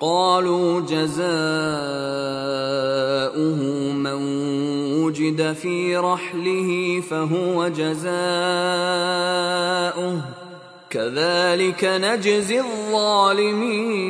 قالوا جزاؤه من وجد في رحله فهو جزاؤه كذلك نجزي الظالمين